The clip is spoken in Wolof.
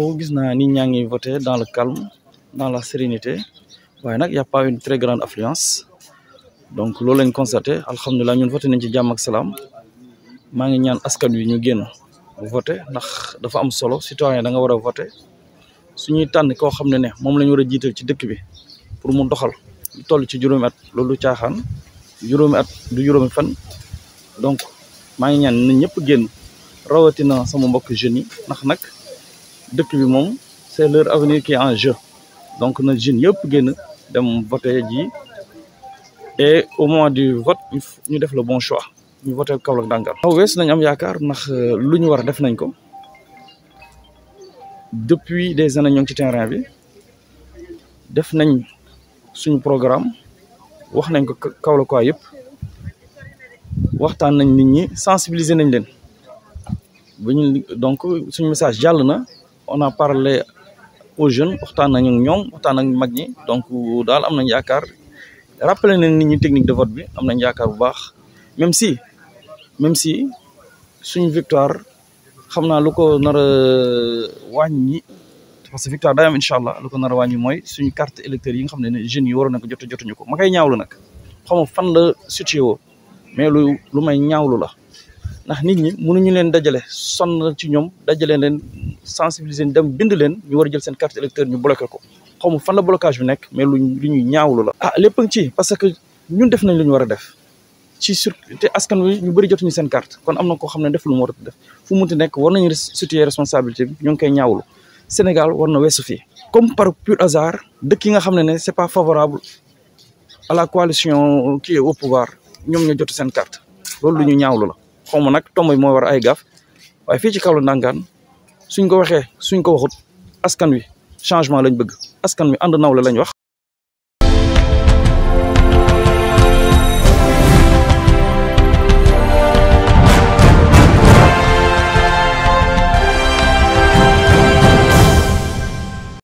bon gis naa ni ñaa ngi voté dans le calme dans la sérénité waaye nag y' a pas une très grande affluence donc loolu lañ constaté alhamdulilah ñun voté nañ ci jàmm ak salaam maa ngi ñaan askan wi ñu génn voté ndax dafa am solo citoyen da nga war a voté suñuy tànn koo xam ne ne moom la ñu war a jiital ci dëkk bi pour mu doxal toll ci juróomi at loolu caaxaan juróomi at du juróomi fan donc maa ngi ñaan na ñëpp génn rawatina sama mbokk jeunes yi ndax nag. dëkk bi moom c' est leur avenir qui est en jeu donc na jeunes yëpp génn dem voté ji et au moment du vote ñu def le bon choix ñu voté Kaolack Dangar. waaw wees nañ am yaakaar ndax euh, lu ñu war def nañ ko depuis des années ñoo ngi ci terrain bi def nañ suñu programme wax nañ ko Kaolack waa yëpp waxtaan nañ nit ñi sensibiliser nañ leen donc suñu message jàll na. on a parlé jeunes waxtaan nañu ak ñoom waxtaan ak mag ñi donc daal am nañ yaakaar rappelé nañ nit ñi technique de vote bi am nañ yaakaar bu baax même si même si suñu victoire xam naa lu ko nar a wàññi parce que victoire day am incha allah lu ko nara a ñi mooy suñ carte électeur yi nga xam ne ne jeunes yi waroon na ko jot jotuñu ko ma koy ñaawlu nag xaw fan la situé wo mais lu lu may ñaawlu la. ndax nit ñi mun ñu leen dajale sonn ci ñoom dajale leen sensibiliser dem bind leen ñu war a jël seen carte électeur ñu bloqué ko xaw ma fan la blocage bi nekk mais lu lu ñuy ñaawlu la. ah lépp ngi ci parce que ñu def nañ lu ñu war a def ci sur te askan wi ñu bëri jotuñu seen carte kon am na koo xam ne def lu mu war a def fu mu nekk war nañu situer responsabilité bi ñu ngi koy ñaawlu Sénégal war na weesu fii. comme par pur hasard dëkk yi nga xam ne ne c'est pas favorable à la coalition qui est ñoom ñoo jotu seen carte loolu lu ñu ñaawlu la. xaw ma nag tomb bi war ay gaf waaye fii ci Kaolack ndàngaan suñ ko waxee suñ ko waxut askan wi changement lañ bëgg askan wi ànd la lañ wax